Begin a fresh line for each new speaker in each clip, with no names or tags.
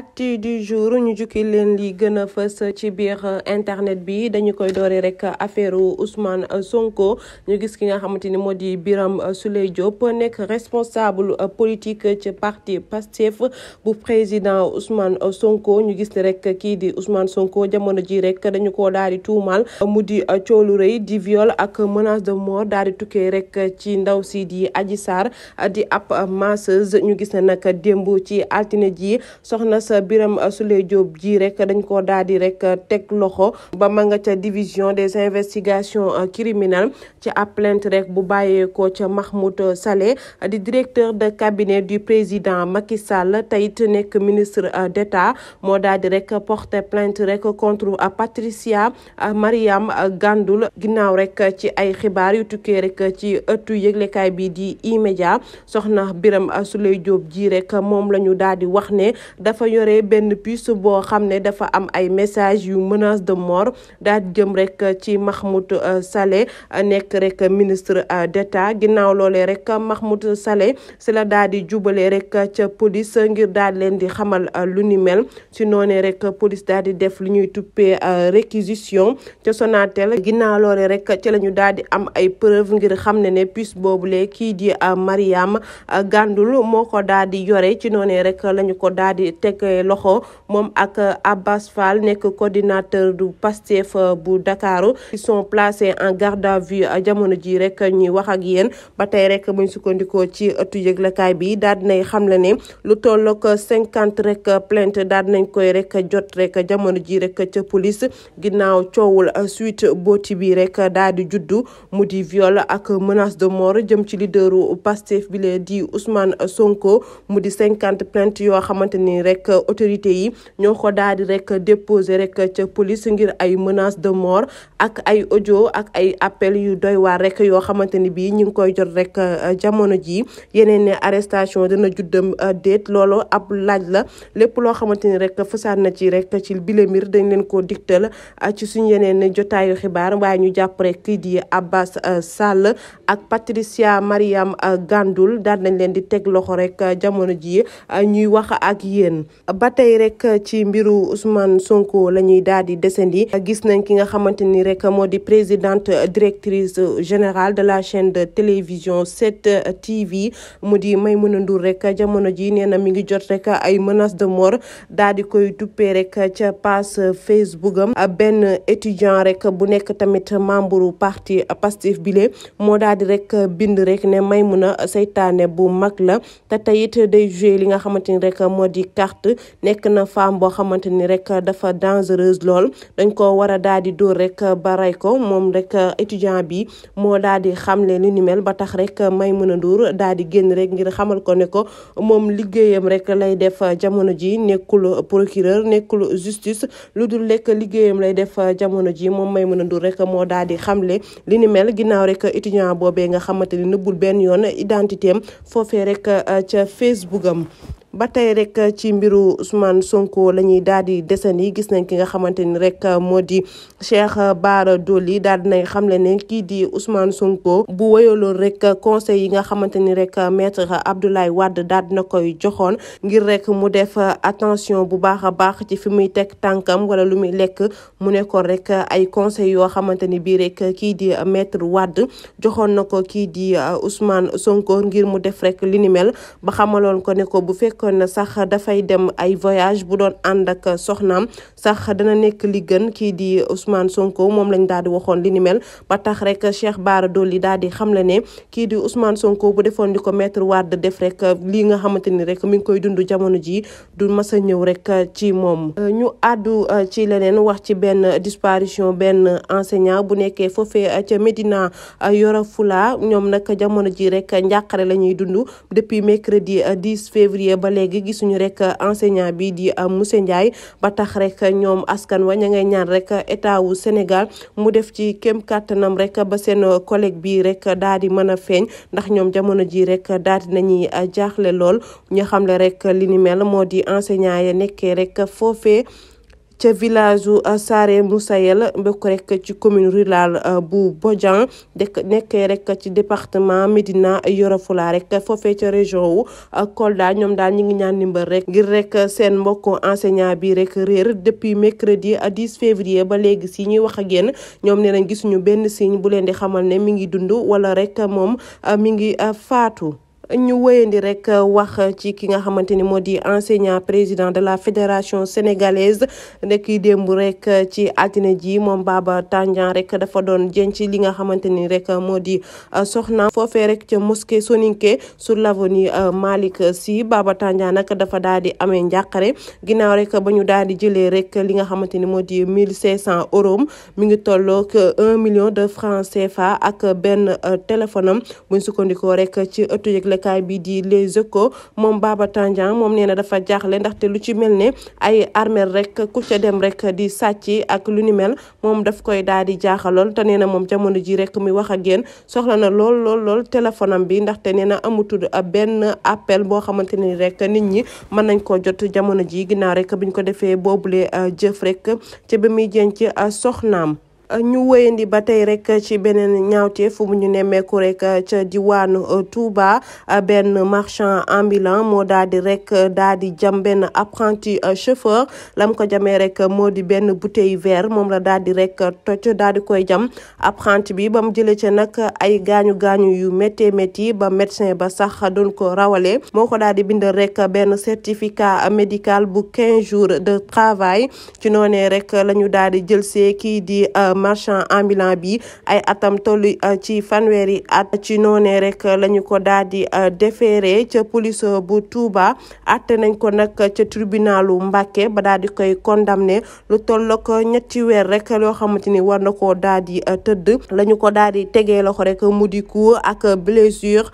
actu du jour ñu jukki leen li gën a fës ci biir euh, internet bi dañu koy doore rek affaire Ousmane euh, Sonko ñu gis ki nga xamante ni moo di Birame euh, Souleye Diop nekk responsable politique ci parti Pastef bu président Ousmane Sonko ñu gis ni rek kii di Ousmane Sonko jamono ji rek dañu ko daal di tuumal mu di coow rëy di viol ak menace de mort daal di tukkee rek ci ndaw si di Adji Sarr di ab masseuse ñu gis ne nag démb ci altine ji soxna Prince Birame Souleye Diop ji rek dañ ko daal di rek teg loxo ba ma nga ca division des investigations criminelles ci ab plainte rek bu bàyyeekoo ca Mahmoud Saleh di directeur de cabinet du président Macky Sall teyit nekk ministre d'État moo daal di rek porter plainte rek contre Patricia Mariam Gandoul ginnaaw rek ci ay xibaar yu tukkee rek ci ëttu yëglekaay bi di E-Media soxna Birame Souleye Diop ji rek moom la ñu daal di wax ne dafa benn puce boo xam ne dafa am ay message yu menace de mort daal jëm rek ci Mahmoud euh, Saleh euh, nekk rek ministre euh, d'État ginnaaw loole rek Mahmoud Saleh si la daal di jubale rek ca police ngir daal leen di xamal lu ni ci noone noonee rek police daal di def lu ñuy tuppee réquisition ca Sonatel ginnaaw loolee rek ci la ñu daal di am ay preuve ngir xam ne ne puce boobule kii di Mariam Gandul moo ko daal di yore ci noonee rek la ko daal teg teg eh, loxo moom ak eh, Abbas Fall nekk coordinateur du Pastef eh, bu Ndakaaru ils sont placés en garde à vue jamono ji rek ñuy wax ak yéen ba tey rek buñ sukkandikoo ci ëttu yëglekaay bi daal dinay xam le ne lu tollook cinquante rek plainte daal dinañ koy rek jot rek jamono ji rek ca police ginnaaw coowul suite booti bi rek daal di juddu mu di viol ak menace de mort jëm ci leaderu Pastef bi lee di Ousmane Sonko mu di cinquante plainte yoo xamante rek autorité yi ñoo ko daal rek déposé rek ca police ngir ay menace de mort ak ay audio ak ay appel yu doy waar rek yoo xamante ni bii ñu ngi koy jot rek euh, jamono jii yeneen ne arrestation dina juddam euh, déet loolu ab laaj la lépp loo xamante ni rek fasaat na ci rek ci bile mbir dañ leen ko digtal euh, ci suñ yeneen jotaayu xibaar waaye ñu jàpp rek kii di Abbas Sall ak Patricia Mariam Gandoul daal nañ leen di teg loxo rek jamono jii ñuy wax ak yéen ba tey rek ci mbiru Ousmane Sonko la ñuy daal di desandi gis nañ ki nga xamante ni rek moo di présidente directrice générale de la chaine de télévision 7 TV mu di may Maimouna Ndour rek jamono ji nee na mi ngi jot rek ay menaces de more daal di koy duppee rek ca page Facebook am benn étudiant rek bu nekk tamit membre parti Pastef bile moo daal di rek bind rek ne may Maimouna seytaane bu mag la te tey it day joué li nga xamante ni rek moo di carte nekk na femme boo xamante ni rek dafa dangereuse lool dañ ko war a daal di dóor rek ba ko moom rek étudiant bi moo daal di xamle li ni mel ba tax rek Maimouna Ndour daal di génn rek ngir xamal ko ne ko moom liggéeyam rek lay def jamono ji nekkul procureur nekkul justice lu dul lekk liggéeyam lay def jamono ji moom may Maimouna Ndour rek moo daal di xamle li ni ginnaaw rek étudiant boobee nga xamante ni nëbbul benn yoon identité am foofee rek ca Facebook am ba tey rek uh, ci mbiru Ousmane Sonko la ñuy daal di desen yi gis nañ ki nga xamante ni rek uh, moo di Cheikh uh, Bara Dolly daal dinañ xamle ne kii di Ousmane Sonko bu wéyaloon rek conseil yi nga xamante ni rek maître Abdoulaye Wade daal dina koy joxoon ngir rek mu def attention bu baax a baax ci fi muy teg tànkam wala lu muy lekk mu nekkoon rek ay conseil yoo xamante ni bii rek kii di maître Wade joxoon na ko kii di Ousmane Sonko ngir mu def rek li ba xamaloon ko ne bu fekk fekkoon sax dafay dem ay voyage bu doon ànd ak soxnaam sax dana nekk li gën kii di Ousmane Sonko moom lañu daal di waxoon li ni mel ba tax rek Cheikh Bara Dolly daal di xamle ne kii di Ousmane Sonko bu defoon di ko maître Wade def rek lii nga xamante ni rek mi ngi koy dund jamono jii du mas a ñëw rek ci moom. ñu àddu euh, ci leneen wax ci benn disparition benn enseignant bu nekkee foofee euh, ca Médina euh, Yoro Fula ñoom nag jamono ji rek njàqare la ñuy dund depuis mercredi 10 février ba ba léegi gisuñu rek enseignant bi di euh, monsieur Ndiaye ba tax rek ñoom askan wa ña ngay ñaan rek état wu Sénégal mu def ci kem kàttanam rek ba seen collègue bi rek daa di mën a feeñ ndax ñoom jamono ji rek daal di nañuy euh, jaaxle lool ñu xamle rek li ni mel moo di enseignant ya nekkee rek foofee ca village u euh, Saare Moussaël bokk rek ci commune rurale euh, bu Bodian dëkk nekkee rek ci departement Médina Yoro Fula rek foofee ca région wu euh, Kolda ñoom daal ñi ngi ñaan ndimbal rek ngir rek seen mbokku enseignant bi rek réer depuis mercredi 10 février ba léegi si ñuy wax a yéen ñoom nee nañ gisuñu benn signe bu leen di xamal ne mi ngi dund wala rek moom mi ngi faatu ñu woyandi rek euh, wax ci ki nga xamante ni moo di enseignant président de la fédération sénégalaise nekk démb rek euh, ci altine ji moom Baba Tandian rek dafa doon jën ci li nga xamante ni rek moo di euh, soxna foofe rek ca mosquée Soninké sur l'avenue Malick si Baba Tandian nag dafa daal di amee njàqare ginnaaw rek ba ñu daal di jëlee rek li nga xamante ni moo di mille cinq cent euros mi ngi tolloog un million de francs CFA ak benn téléphone am buñ sukkandikoo rek ci ëttu yëgle yéenekaay bi di Les Échos moom Baba Tandian moom nee na dafa jaaxle ndaxte lu ci mel ne ay armel rek ku dem rek di sàcc ak lu ni moom daf koy daal di jaaxalool te nee na moom jamono ji rek mi wax ak yéen soxla na lool lool lool téléphone am bi ndaxte nee na amutul benn appel boo xamante ni rek nit ñi mën nañ koo jot jamono ji ginnaaw rek biñ ko defee boobule euh, jëf rek ca ba muy jën ci euh, soxnaam ñu wéyandi ba tey rek ci beneen ñaawteef bu ñu nemmeeku rek ca diwaanu euh, Touba euh, benn marchand ambulant moo daal di rek euh, daal di jam benn apprenti chauffeur lam ko jamee rek moo di benn bouteille verre moom la daal di rek toj daal di koy jam apprenti bi ba mu jëlee ca nag ay gaañu gaañu yu méttee métti ba médecin ba sax doon ko rawalee moo ko daal di bindal rek benn certificat médical bu 15 jours de travail ci noonee rek lañu ñu daal di jël kii di. marchand ambulant bi ay atam toll uh, ci fanweeri at ci noonee rek lañu ko daal di uh, déféré ca police bu Touba atte nañ ko nag ca tribunalu Mbàkke ba daal di koy condamné lu toll ko ñetti weer rek loo xamante ni war na koo daal di uh, tëdd lañu ko daal di tegee loxo rek mu di coup ak blessure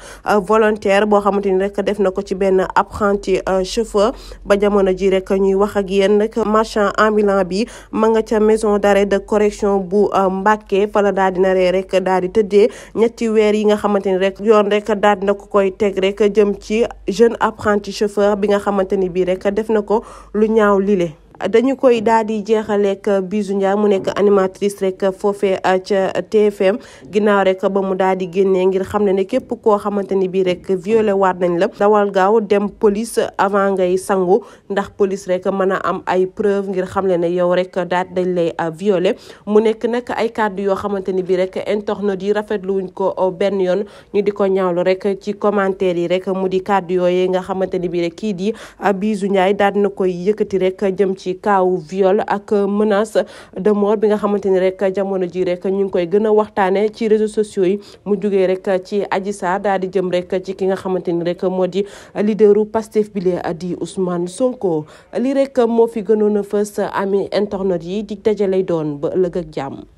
volontaire boo xamante ni rek def na ko ci benn apprenti chauffeur ba jamono ji rek ñuy wax ak yéen nag marchand ambulant bi ma nga ca maison d'arrêt de correction bu euh, Mbàkke fa la daal di naree rek daal di tëddee ñetti weer yi nga xamante ni rek yoon rek daal di na ko koy teg rek jëm ci jeune apprenti chauffeur bi nga xamante ni bii rek def na ko lu ñaaw lile. dañu koy daal di jeexaleek Bijou Ndiaye mu nekk animatrice rek foofee uh, ca TFM ginnaaw rek ba mu daal di génnee ngir xam ne ne képp koo xamante ni bii rek violé waat nañ la dawal gaaw dem police avant ngay sangu ndax police rek mën a am ay preuve ngir xam ne ne yow rek daal dañ lay uh, violé mu nekk nag ay kàddu yoo xamante ni bii rek internet yi rafetlu wuñ ko uh, benn yoon ñu di ko ñaawlu rek ci commentaire yi rek mu di kàddu yooyu nga xamante ni bii rek kii di Bijou Ndiaye daal na koy yëkkati rek jëm ci ci kaawu viol ak menace de mort bi nga xamante ni rek jamono ji rek ñu ngi koy gën a waxtaane ci réseaux sociaux yi mu jugee rek ci aji Sarr daal di jëm rek ci ki nga xamante ni rek moo di leaderu Pastef bile di Ousmane Sonko lii rek moo fi gënoon a fës ami internet yi di dajalay doon ba ëllëg ak jàmm